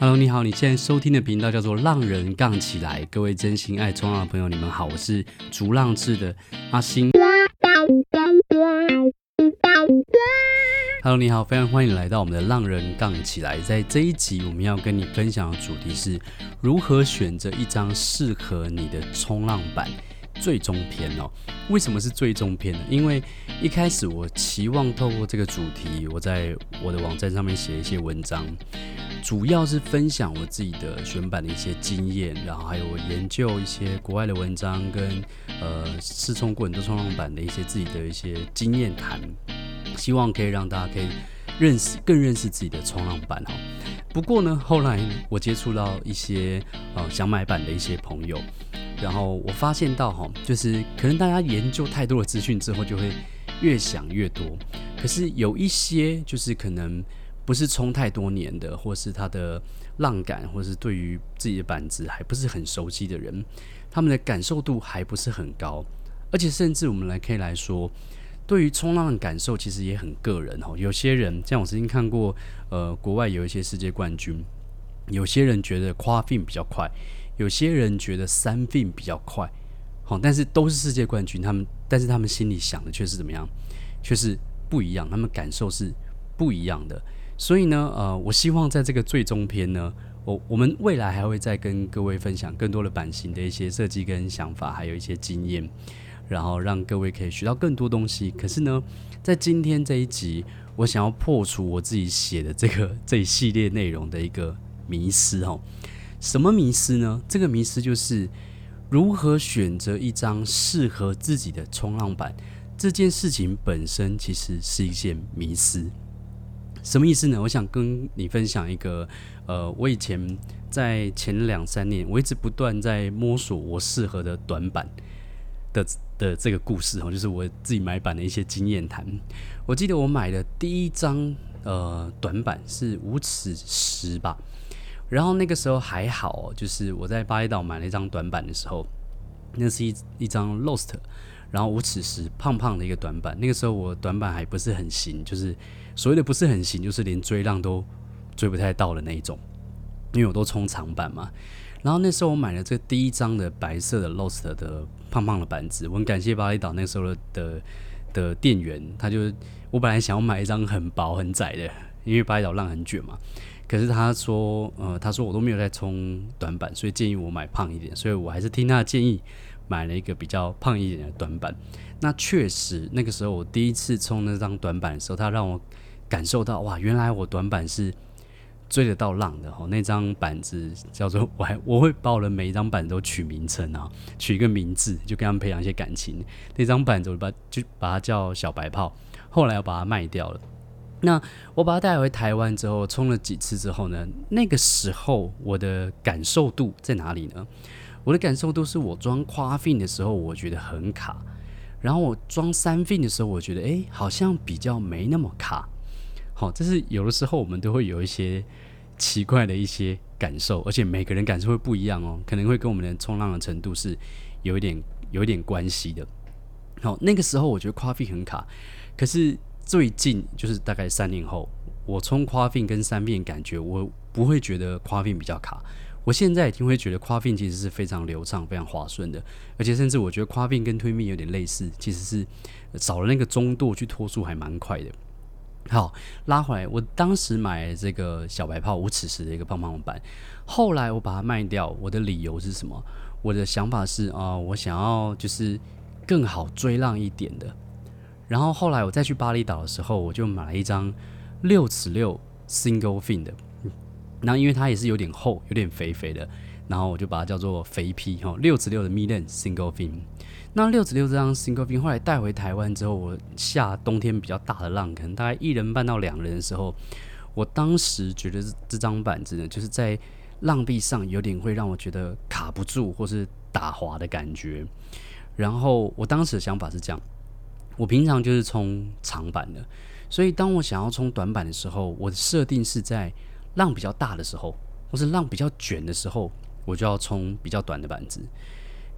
Hello，你好！你現在收聽的頻道叫做《浪人槓起來》，各位真心愛衝浪的朋友，你們好，我是逐浪志的阿星。 Hello，你好，非常歡迎來到我們的《浪人槓起來》。在這一集，我們要跟你分享的主題是如何選擇一張適合你的衝浪板。最終篇哦，為什麼是最終篇呢？因為一開始我期望透過這個主題，我在我的網站上面寫一些文章，主要是分享我自己的選板的一些經驗，然後還有我研究一些國外的文章，跟呃試衝過很多衝浪板的一些自己的一些經驗談，希望可以讓大家可以認識更認識自己的衝浪板哈。不過呢，後來我接觸到一些呃想買板的一些朋友。然後我發現到哈，就是可能大家研究太多的資訊之後，就會越想越多。可是有一些就是可能不是衝太多年的，或是他的浪感，或是對於自己的板子還不是很熟悉的人，他們的感受度還不是很高。而且甚至我們來可以來說，對於衝浪的感受其實也很個人哈。有些人像我曾經看過，呃，國外有一些世界冠軍，有些人覺得跨 fin 比較快。有些人覺得三費比較快，好，但是都是世界冠軍，他們但是他們心裡想的卻是怎麼樣，卻是不一樣，他們感受是不一樣的。所以呢，呃，我希望在這個最終篇呢，我我們未來還會再跟各位分享更多的版型的一些設計跟想法，還有一些經驗，然後讓各位可以學到更多東西。可是呢，在今天這一集，我想要破除我自己寫的這個這一系列內容的一個迷思哦、喔。什麼迷思呢？這個迷思就是如何選擇一張適合自己的衝浪板這件事情本身其實是一件迷思。什麼意思呢？我想跟你分享一個，呃，我以前在前兩三年我一直不斷在摸索我適合的短板的的這個故事哦，就是我自己買板的一些經驗談。我記得我買的第一張呃短板是五尺十吧。然後那個時候還好，就是我在巴厘島買了一張短板的時候，那是一一張 Lost，然後五尺十胖胖的一個短板。那個時候我短板還不是很行，就是所謂的不是很行，就是連追浪都追不太到的那一種，因為我都衝長板嘛。然後那時候我買了這第一張的白色的 Lost 的胖胖的板子，我很感謝巴厘島那時候的的的店員，他就我本來想要買一張很薄很窄的，因為巴厘島浪很捲嘛。可是他說，呃，他說我都沒有在衝短板，所以建議我買胖一點，所以我還是聽他的建議，買了一個比較胖一點的短板。那確實，那個時候我第一次衝那張短板的時候，他讓我感受到哇，原來我短板是追得到浪的。哈，那張板子叫做我還我會把我的每一張板子都取名稱啊，取一個名字，就跟他們培養一些感情。那張板子我就把就把它叫小白炮，後來我把它賣掉了。那我把它帶回台灣之後，衝了幾次之後呢？那個時候我的感受度在哪裡呢？我的感受度是我裝誇 fin 的時候，我覺得很卡；然後我裝三 fin 的時候，我覺得哎、欸，好像比較沒那麼卡。好、哦，這是有的時候我們都會有一些奇怪的一些感受，而且每個人感受會不一樣哦，可能會跟我們的衝浪的程度是有一點、有一點關係的。好、哦，那個時候我覺得誇 fin 很卡，可是。最近就是大概三年後，我衝誇 f 跟三變，感覺我不會覺得誇 f 比較卡。我現在已經會覺得誇 f 其實是非常流暢、非常滑順的，而且甚至我覺得誇 f 跟推面有點類似，其實是少了那個中度去拖速還蠻快的。好，拉回來，我當時買這個小白泡無齒時的一個棒棒板，後來我把它賣掉，我的理由是什麼？我的想法是啊、呃，我想要就是更好追浪一點的。然後後來我再去巴厘島的時候，我就買了一張六尺六 single fin 的，然後因為它也是有點厚，有點肥肥的，然後我就把它叫做肥皮，哈，六尺六的 medium single fin。那六尺六這張 single fin 後來帶回台灣之後，我下冬天比較大的浪，可能大概一人半到兩人的時候，我當時覺得這張板子呢，就是在浪壁上有點會讓我覺得卡不住或是打滑的感覺。然後我當時的想法是這樣。我平常就是衝長板的，所以當我想要衝短板的時候，我的設定是在浪比較大的時候，或是浪比較捲的時候，我就要衝比較短的板子。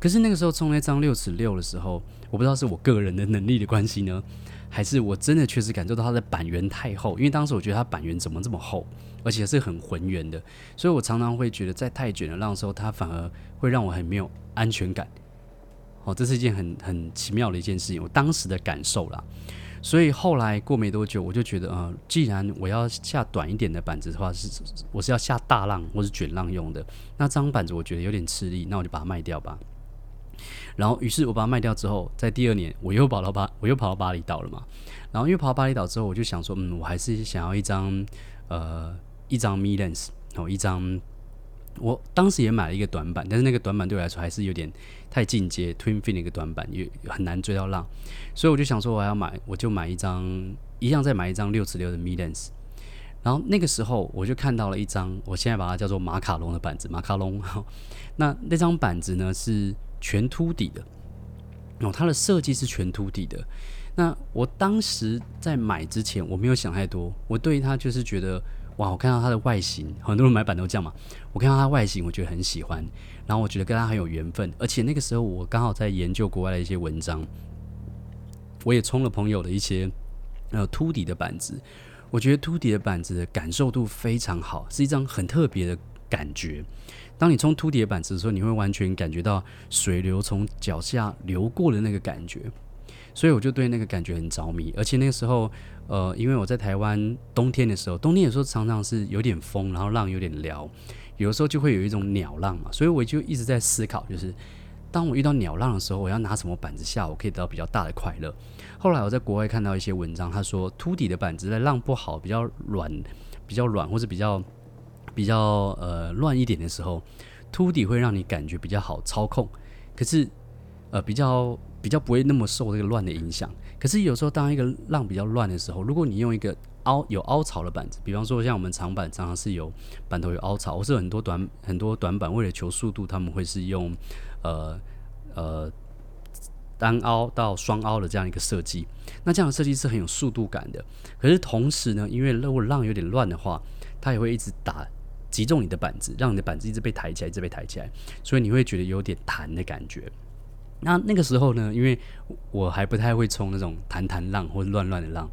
可是那個時候衝那張六尺六的時候，我不知道是我個人的能力的關係呢，還是我真的確實感受到它的板緣太厚，因為當時我覺得它板緣怎麼這麼厚，而且是很渾圓的，所以我常常會覺得在太捲的浪的時候，它反而會讓我很沒有安全感。哦，這是一件很很奇妙的一件事情，我當時的感受啦。所以後來過沒多久，我就覺得，呃，既然我要下短一點的板子的話，是我是要下大浪或是捲浪用的，那這張板子我覺得有點吃力，那我就把它賣掉吧。然後，於是我把它賣掉之後，在第二年我又跑到巴，我又跑到巴厘島了嘛。然後，又跑到巴厘島之後，我就想說，嗯，我還是想要一張，呃，一張 mid length，然後一張。我當時也買了一個短板，但是那個短板對我來說還是有點太進階，Twin fin 的一個短板也很難追到浪，所以我就想說，我要買，我就買一張，一樣再買一張六尺六的 mid-length。然後那個時候我就看到了一張，我現在把它叫做馬卡龍的板子，馬卡龍。 那那張板子呢是全凸底的，有、哦、它的設計是全凸底的。那我當時在買之前我沒有想太多，我對它就是覺得。哇，我看到它的外形，很多人買板都這樣嘛。我看到它的外形，我覺得很喜歡，然後我覺得跟它很有緣分。而且那個時候我剛好在研究國外的一些文章，我也衝了朋友的一些呃凸底的板子，我覺得凸底的板子的感受度非常好，是一張很特別的感覺。當你衝凸底的板子的時候，你會完全感覺到水流從腳下流過的那個感覺。所以我就對那個感覺很着迷，而且那個時候，呃，因為我在台灣冬天的時候，冬天有時候常常是有點風，然後浪有點撩，有的時候就會有一種鳥浪嘛。所以我就一直在思考，就是當我遇到鳥浪的時候，我要拿什麼板子下，我可以得到比較大的快樂。後來我在國外看到一些文章，他說凸底的板子在浪不好、比較軟、比較軟或者比較比較呃亂一點的時候，凸底會讓你感覺比較好操控，可是，呃，比較比較不會那麼受這個亂的影響。可是有時候，當一個浪比較亂的時候，如果你用一個凹有凹槽的板子，比方說像我們長板常常是有板頭有凹槽，或是很多短很多短板，為了求速度，他們會是用呃呃單凹到雙凹的這樣一個設計。那這樣的設計是很有速度感的。可是同時呢，因為如果浪有點亂的話，它也會一直打擊中你的板子，讓你的板子一直被抬起來，一直被抬起來，所以你會覺得有點彈的感覺。那那個時候呢，因為我還不太會衝那種彈彈浪或者亂亂的浪，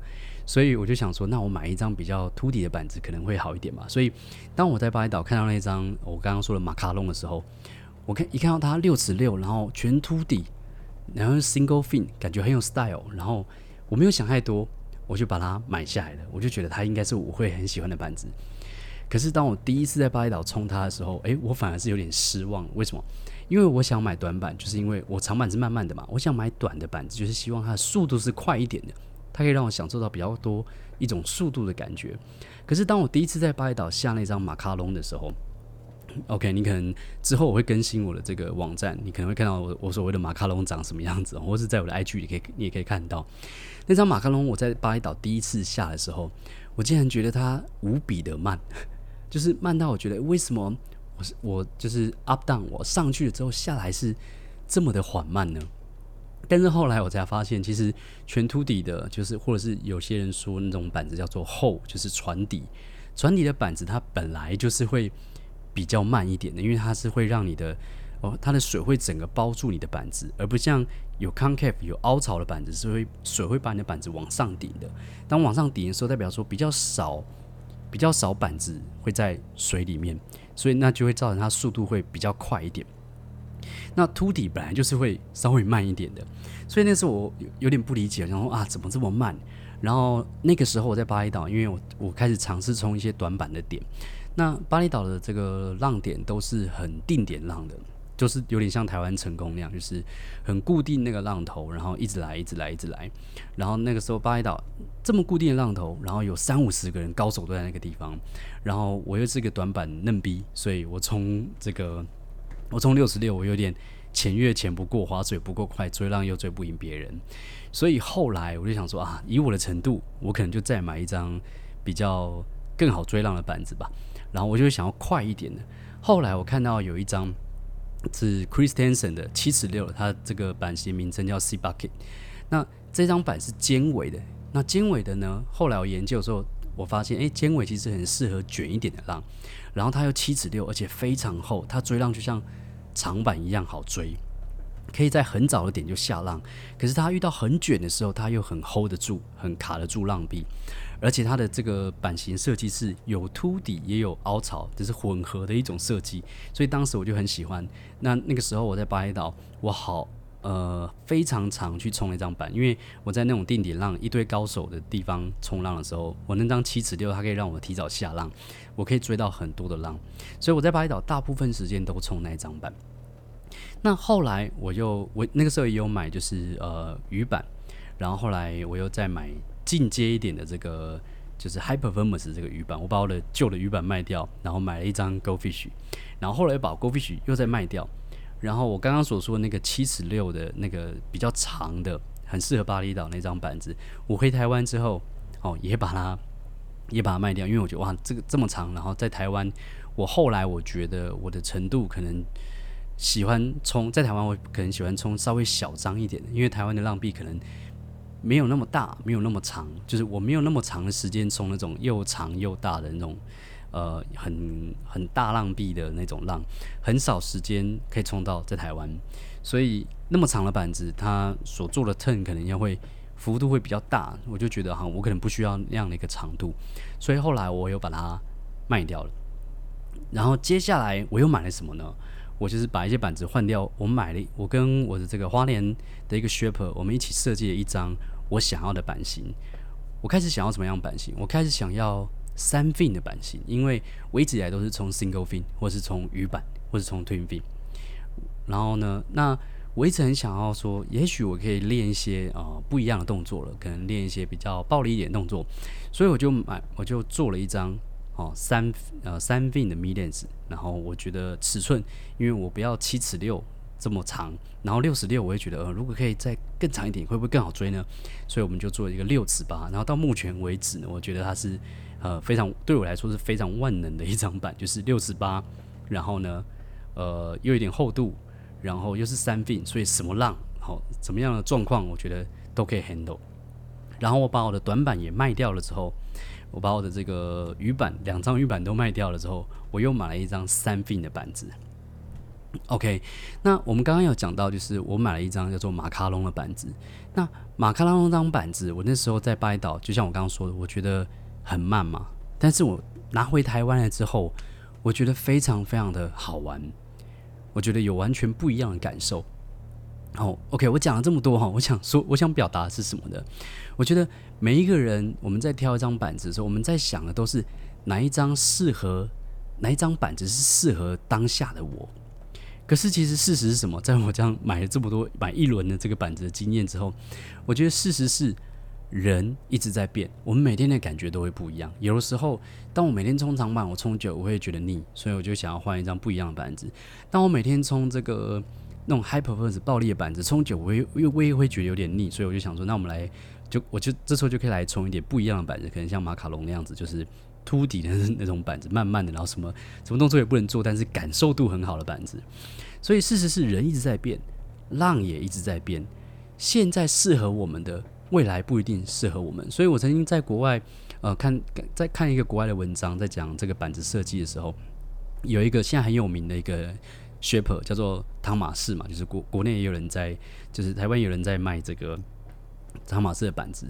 所以我就想說，那我買一張比較凸底的板子可能會好一點吧。所以當我在巴厘島看到那張我剛剛說的馬卡攏的時候，我看一看到它六尺六，然後全凸底，然後是 single fin，感覺很有 style，然後我沒有想太多，我就把它買下來了。我就覺得它應該是我會很喜歡的板子。可是當我第一次在巴厘島衝它的時候，哎、欸，我反而是有點失望。為什麼？因為我想買短板，就是因為我長板是慢慢的嘛，我想買短的板子，就是希望它的速度是快一點的，它可以讓我享受到比較多一種速度的感覺。可是當我第一次在巴厘島下那張馬卡攏的時候，OK，你可能之後我會更新我的這個網站，你可能會看到我我所謂的馬卡攏長什麼樣子，或者在我的 IG 裡可以你也可以看到那張馬卡攏。我在巴厘島第一次下的時候，我竟然覺得它無比的慢，就是慢到我覺得為什麼？我就是 up down，我上去了之後下來是這麼的緩慢呢。但是後來我才發現，其實全凸底的，就是或者是有些人說那種板子叫做 hull，就是船底船底的板子，它本來就是會比較慢一點的，因為它是會讓你的哦，它的水會整個包住你的板子，而不像有 concave 有凹槽的板子是會水會把你的板子往上頂的。當往上頂的時候，代表說比較少比較少板子會在水裡面。所以那就會造成它速度會比較快一點，那凸底本來就是會稍微慢一點的，所以那時候我有有點不理解，然後啊怎麼這麼慢？然後那個時候我在巴厘島，因為我我開始嘗試衝一些短板的點，那巴厘島的這個浪點都是很定點浪的。就是有點像台灣成功那樣，就是很固定那個浪頭，然後一直來，一直來，一直來。然後那個時候巴厘島這麼固定的浪頭，然後有三五十個人高手都在那個地方。然後我又是個短板嫩逼，所以我從這個我從六十六，我有點潛越潛不過，划水不夠快，追浪又追不贏別人。所以後來我就想說啊，以我的程度，我可能就再買一張比較更好追浪的板子吧。然後我就想要快一點的。後來我看到有一張。是 Christenson 的七尺六，它這個版型名稱叫 C-Bucket。那這張板是尖尾的。那尖尾的呢？後來我研究的時候，我發現，誒、欸，尖尾其實很適合捲一點的浪。然後它又七尺六，而且非常厚，它追浪就像長板一樣好追，可以在很早的點就下浪。可是它遇到很捲的時候，它又很 hold 得住，很卡得住浪壁。而且它的這個板型設計是有凸底也有凹槽，就是混合的一種設計。所以當時我就很喜歡。那那個時候我在巴厘島，我好呃非常常去衝那張板，因為我在那種定點浪一堆高手的地方衝浪的時候，我那張七尺六，它可以讓我提早下浪，我可以追到很多的浪。所以我在巴厘島大部分時間都衝那一張板。那後來我又我那個時候也有買，就是呃魚板，然後後來我又再買。進階一點的這個就是 high performance 這個魚板，我把我的舊的魚板賣掉，然後買了一張 Go Fish，然後後來把 Go Fish 又再賣掉，然後我剛剛所說的那個七尺六的那個比較長的，很適合巴厘島那張板子，我回台灣之後，喔，哦也把它也把它賣掉，因為我覺得哇這個這麼長，然後在台灣我後來我覺得我的程度可能喜歡衝，在台灣我可能喜歡衝稍微小張一點的，因為台灣的浪壁可能沒有那麼大，沒有那麼長，就是我沒有那麼長的時間衝那種又長又大的那種，呃，很很大浪壁的那種浪，很少時間可以衝到在台灣，所以那麼長的板子，它所做的 turn 可能也會幅度會比較大，我就覺得哈、啊，我可能不需要那樣的一個長度，所以後來我又把它賣掉了，然後接下來我又買了什麼呢？我就是把一些板子換掉。我買了，我跟我的這個花蓮的一個 shaper，我們一起設計了一張我想要的板型。我開始想要什麼樣板型？我開始想要三 fin 的板型，因為我一直以來都是從 single fin，或是從魚板，或是從 twin fin。然後呢，那我一直很想要說，也許我可以練一些啊、呃、不一樣的動作了，可能練一些比較暴力一點的動作。所以我就買，我就做了一張。哦，三呃三分的 millions。然後我覺得尺寸，因為我不要七尺六這麼長，然後六十六我也覺得，呃，如果可以再更長一點，會不會更好追呢？所以我們就做一個六尺八，然後到目前為止呢，我覺得它是呃非常對我來說是非常萬能的一張板，就是六尺八，然後呢，呃又有點厚度，然後又是三分，所以什麼浪好，怎麼樣的狀況，我覺得都可以 handle。然後我把我的短板也賣掉了之後。我把我的這個魚板兩張魚板都賣掉了之後，我又買了一張三片的板子。OK，那我們剛剛有講到，就是我買了一張叫做馬卡攏的板子。那馬卡攏這張板子，我那時候在巴厘島，就像我剛剛說的，我覺得很慢嘛。但是我拿回台灣了之後，我覺得非常非常的好玩，我覺得有完全不一樣的感受。好、oh，OK，我講了這麼多哈，我想說，我想表達的是什麼呢？我覺得每一個人，我們在挑一張板子的時候，我們在想的都是哪一張適合，哪一張板子是適合當下的我。可是其實事實是什麼？在我這樣買了這麼多，買一輪的這個板子的經驗之後，我覺得事實是人一直在變，我們每天的感覺都會不一樣。有的時候，當我每天衝長板，我衝久我會覺得膩，所以我就想要換一張不一樣的板子。當我每天衝這個。那種 hyperverse 暴力的板子，衝久我又又會會覺得有點膩，所以我就想說，那我們來，就我就這時候就可以來衝一點不一樣的板子，可能像馬卡攏那樣子，就是凸底的那種板子，慢慢的，然後什麼什麼動作也不能做，但是感受度很好的板子。所以事實是，人一直在變，浪也一直在變。現在適合我們的，未來不一定適合我們。所以我曾經在國外，呃，看在看一個國外的文章，在講這個板子設計的時候，有一個現在很有名的一個，Shaper 叫做湯馬仕嘛，就是國國內也有人在，就是台灣也有人在賣這個湯馬仕的板子。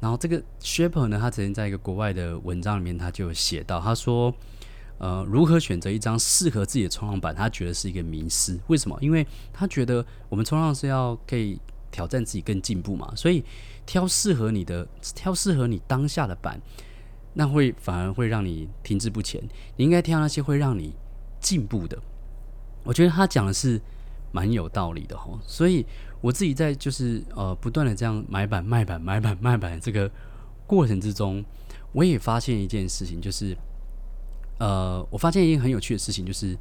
然後這個 Shaper 呢，他曾經在一個國外的文章裡面，他就寫到，他說：“呃，如何選擇一張適合自己的衝浪板，他覺得是一個迷思。為什麼？因為他覺得我們衝浪是要可以挑戰自己、更進步嘛。所以挑適合你的、挑適合你當下的板，那會反而會讓你停滯不前。你應該挑那些會讓你進步的。”我覺得他講的是蠻有道理的吼，所以我自己在就是呃不斷的這樣買板賣板買板賣板這個過程之中，我也發現一件事情，就是呃我發現一件很有趣的事情，就是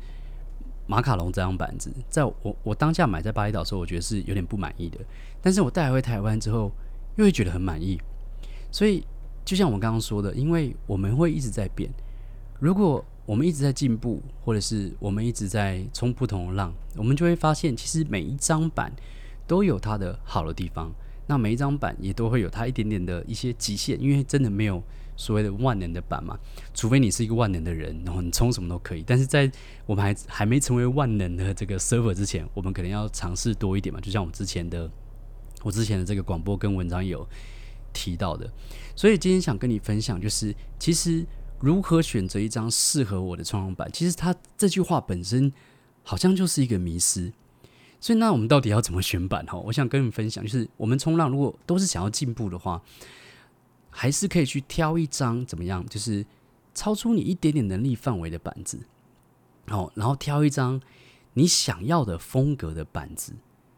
馬卡攏這張板子，在我我當下買在巴厘島的時候，我覺得是有點不滿意的，但是我帶回台灣之後，又會覺得很滿意，所以就像我剛剛說的，因為我們會一直在變，如果我們一直在進步，或者是我們一直在衝不同的浪，我們就會發現，其實每一張板都有它的好的地方，那每一張板也都會有它一點點的一些極限，因為真的沒有所謂的萬能的板嘛，除非你是一個萬能的人，然後你衝什麼都可以。但是在我們還還沒成為萬能的這個 server 之前，我們可能要嘗試多一點嘛。就像我之前的，我之前的這個廣播跟文章有提到的，所以今天想跟你分享，就是其實。如何選擇一張適合我的衝浪板？其實它這句話本身好像就是一個迷思。所以，那我們到底要怎麼選板哦？我想跟你們分享，就是我們衝浪如果都是想要進步的話，還是可以去挑一張怎麼樣？就是超出你一點點能力範圍的板子，哦，然後挑一張你想要的風格的板子。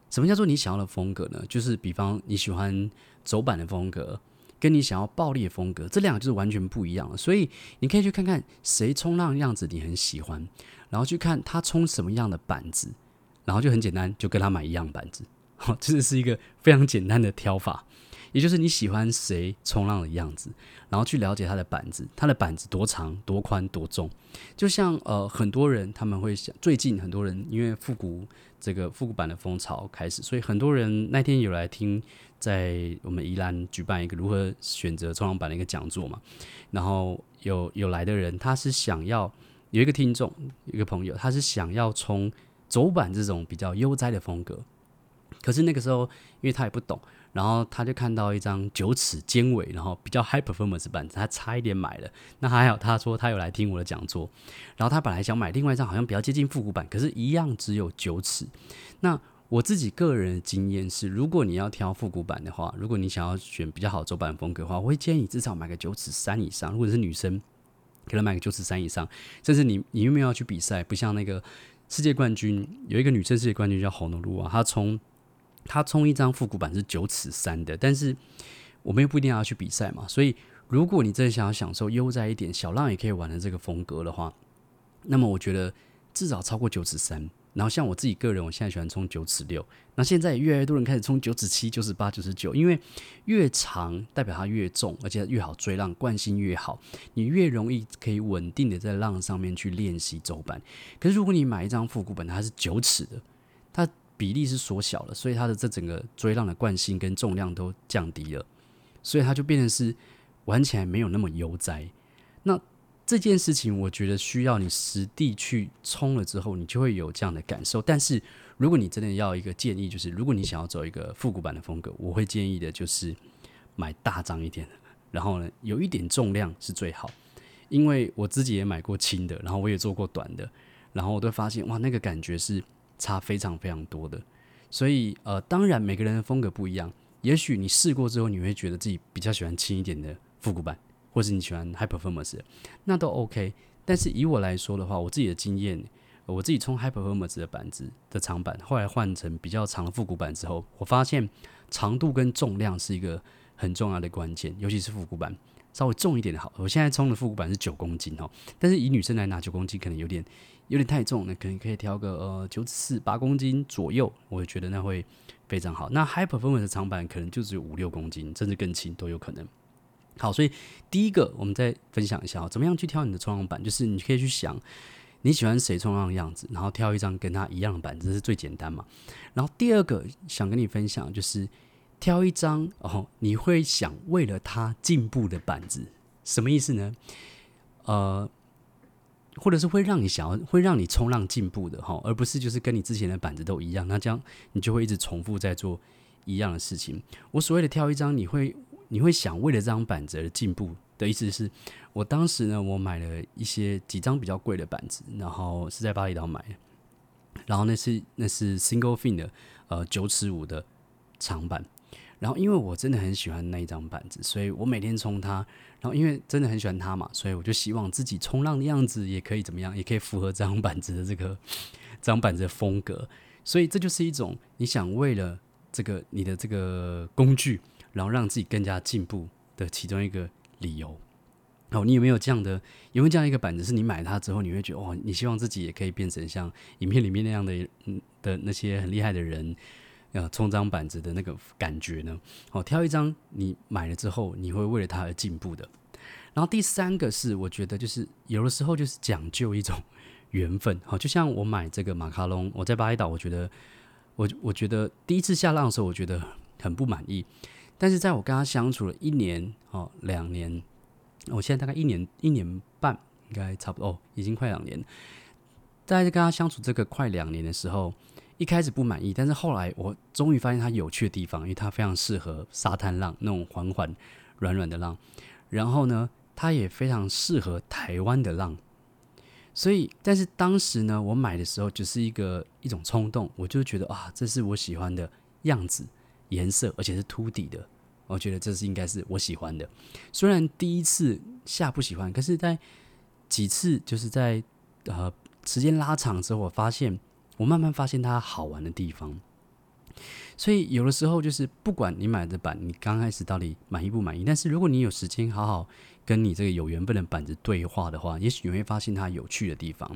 什麼叫做你想要的風格呢？就是比方你喜歡走板的風格。跟你想要暴力的風格，這兩個就是完全不一樣了。所以你可以去看看誰衝浪的樣子你很喜歡，然後去看他衝什麼樣的板子，然後就很簡單，就跟他買一樣板子。好，這、就是一個非常簡單的挑法，也就是你喜歡誰衝浪的樣子，然後去了解他的板子，他的板子多長、多寬、多重。就像呃，很多人他們會想，最近很多人因為復古這個復古板的風潮開始，所以很多人那天有來聽，在我們宜蘭舉辦一個如何選擇衝浪板的一個講座嘛，然後有有來的人，他是想要有一個聽眾，有一個朋友，他是想要衝走板這種比較悠哉的風格，可是那個時候因為他也不懂，然後他就看到一張九尺尖尾，然後比較 high performance 板，他差一點買了，那還好他說他有來聽我的講座，然後他本來想買另外一張好像比較接近復古板，可是，一樣只有九尺，那。我自己個人的經驗是，如果你要挑復古板的話，如果你想要選比較好的走板風格的話，我會建議你至少買個九尺三以上。如果是女生，可能買個九尺三以上。甚至你你有沒有要去比賽，不像那個世界冠軍，有一個女生世界冠軍叫紅奴路啊，她衝她衝一張復古板是九尺三的，但是我們又不一定要去比賽嘛。所以如果你真的想要享受悠哉一點、小浪也可以玩的這個風格的話，那麼我覺得至少超過九尺三。然後像我自己個人，我現在喜歡衝九尺六。那現在越來越多人開始衝九尺七、九尺八、九尺九，因為越長代表它越重，而且越好追浪，慣性越好，你越容易可以穩定的在浪上面去練習走板。可是如果你買一張復古板，它是九尺的，它比例是縮小了，所以它的這整個追浪的慣性跟重量都降低了，所以它就變成是玩起來沒有那麼悠哉。那這件事情，我覺得需要你實地去衝了之後，你就會有這樣的感受。但是，如果你真的要一個建議，就是如果你想要走一個復古版的風格，我會建議的就是買大張一點的，然後呢，有一點重量是最好。因為我自己也買過輕的，然後我也做過短的，然後我都會發現哇，那個感覺是差非常非常多的。所以，呃，當然每個人的風格不一樣，也許你試過之後，你會覺得自己比較喜歡輕一點的復古版。或是你喜歡 high performance 的，那都 OK。但是以我來說的話，我自己的經驗，我自己衝 high performance 的板子的長板，後來換成比較長的復古板之後，我發現長度跟重量是一個很重要的關鍵，尤其是復古板稍微重一點的好。我現在充的復古板是九公斤哦，但是以女生來拿九公斤可能有點有點太重了，那可能可以挑個呃九尺四，八公斤左右，我也覺得那會非常好。那 high performance 的長板可能就只有五六公斤，甚至更輕都有可能。好，所以第一個，我們再分享一下怎麼樣去挑你的衝浪板，就是你可以去想你喜歡誰衝浪的樣子，然後挑一張跟他一樣的板子，這是最簡單嘛。然後第二個想跟你分享就是挑一張哦，你會想為了他進步的板子，什麼意思呢？呃，或者是會讓你想要，會讓你衝浪進步的哈，哦，而不是就是跟你之前的板子都一樣，那這樣你就會一直重複在做一樣的事情。我所謂的挑一張，你會。你會想，為了這張板子而進步的意思是，我當時呢，我買了一些幾張比較貴的板子，然後是在巴厘島買的，然後那是那是 single fin 的，呃，九尺五的長板，然後因為我真的很喜歡那一張板子，所以我每天衝它，然後因為真的很喜歡它嘛，所以我就希望自己衝浪的樣子也可以怎麼樣，也可以符合這張板子的這個這張板子的風格，所以這就是一種你想為了這個你的這個工具。然後讓自己更加進步的其中一個理由，好，你有沒有這樣的有沒有這樣一個板子，是你買它之後你會覺得哦，你希望自己也可以變成像影片裡面那樣的的那些很厲害的人，呃，衝張板子的那個感覺呢？好，挑一張你買了之後你會為了它而進步的。然後第三個是我覺得就是有的時候就是講究一種緣分，好，就像我買這個馬卡攏，我在巴厘島，我覺得我我覺得第一次下浪的時候，我覺得很不滿意。但是在我跟他相處了一年哦，兩年，我、哦、現在大概一年一年半，應該差不多哦，已經快兩年。在跟他相處這個快兩年的時候，一開始不滿意，但是後來我終於發現他有趣的地方，因為他非常適合沙灘浪那種緩緩軟軟的浪，然後呢，它也非常適合台灣的浪。所以，但是當時呢，我買的時候就是一個一種衝動，我就覺得啊，這是我喜歡的樣子、顏色，而且是凸底的。我覺得這是應該是我喜歡的，雖然第一次下不喜歡，可是在幾次就是在呃時間拉長之後，我發現我慢慢發現它好玩的地方。所以有的時候就是不管你買的板，你剛開始到底滿意不滿意，但是如果你有時間好好跟你這個有緣分的板子對話的話，也許你會發現它有趣的地方。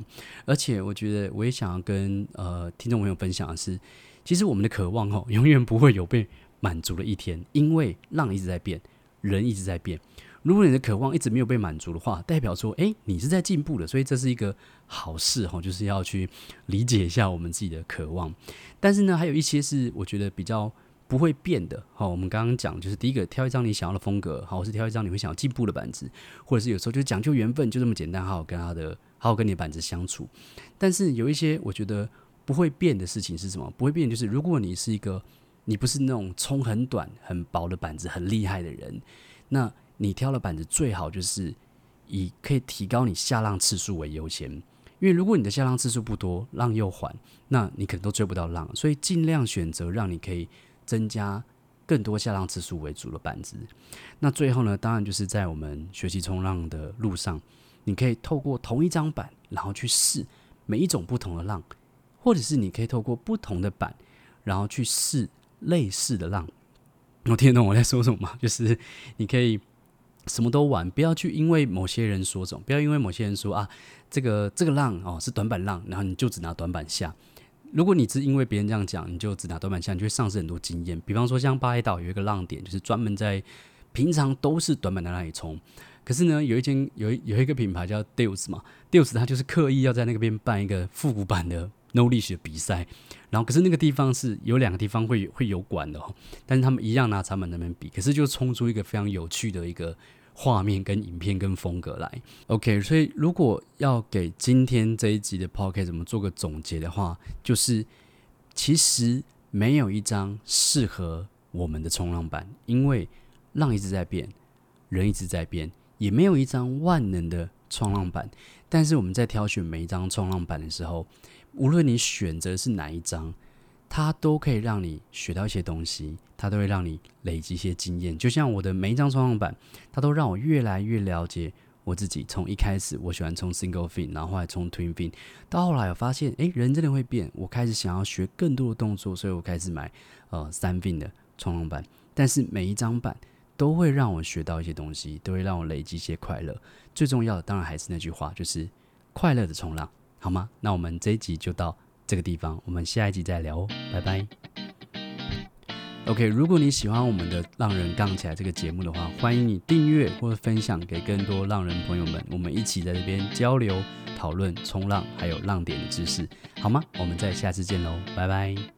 而且我覺得我也想要跟呃聽眾朋友分享的是，其實我們的渴望哦、喔，永遠不會有被滿足了一天，因為浪一直在變，人一直在變。如果你的渴望一直沒有被滿足的話，代表說，欸，你是在進步的，所以這是一個好事哈，就是要去理解一下我們自己的渴望。但是呢，還有一些是我覺得比較不會變的哈。我們剛剛講，就是第一個，挑一張你想要的風格，好，我是挑一張你會想要進步的板子，或者是有時候就講究緣分，就這麼簡單，好好跟他的，好好跟你的板子相處。但是有一些我覺得不會變的事情是什麼？不會變就是如果你是一個。你不是那種衝很短、很薄的板子很厲害的人，那你挑的板子最好就是以可以提高你下浪次數為優先，因為如果你的下浪次數不多，浪又緩，那你可能都追不到浪，所以盡量選擇讓你可以增加更多下浪次數為主的板子。那最後呢，當然就是在我們學習衝浪的路上，你可以透過同一張板，然後去試每一種不同的浪，或者是你可以透過不同的板，然後去試。類似的浪，能聽懂我在說什麼嗎？就是你可以什麼都玩，不要去因為某些人說什麼，不要因為某些人說啊，這個這個浪哦是短板浪，然後你就只拿短板下。如果你只因為別人這樣講，你就只拿短板下，你就會喪失很多經驗。比方說，像巴厘島有一個浪點，就是專門在平常都是短板的那裡衝，可是呢，有一間有有一個品牌叫 Deus 嘛，嘛，Deus 它就是刻意要在那邊辦一個復古版的。no leash 的比賽，然後可是那個地方是有兩個地方會會有管的，但是他們一樣拿他們那邊比，可是就衝出一個非常有趣的一個畫面跟影片跟風格來。OK，所以如果要給今天這一集的 Podcast 怎麼做個總結的話，就是其實沒有一張適合我們的衝浪板，因為浪一直在變，人一直在變，也沒有一張萬能的衝浪板。但是我們在挑選每一張衝浪板的時候，無論你選擇是哪一張，它都可以讓你學到一些東西，它都會讓你累積一些經驗。就像我的每一張衝浪板，它都讓我越來越了解我自己。從一開始我喜歡衝 single fin，然後後來衝 twin fin，到後來我發現，誒，人真的會變。我開始想要學更多的動作，所以我開始買呃三 fin 的衝浪板。但是每一張板都會讓我學到一些東西，都會讓我累積一些快樂。最重要的當然還是那句話，就是快樂的衝浪。好嗎？那我們這一集就到這個地方，我們下一集再聊哦，拜拜。OK，如果你喜歡我們的《浪人槓起來》這個節目的話，歡迎你訂閱或者分享給更多浪人朋友們，我們一起在這邊交流、討論衝浪還有浪點的知識，好嗎？我們再下次見嘍，拜拜。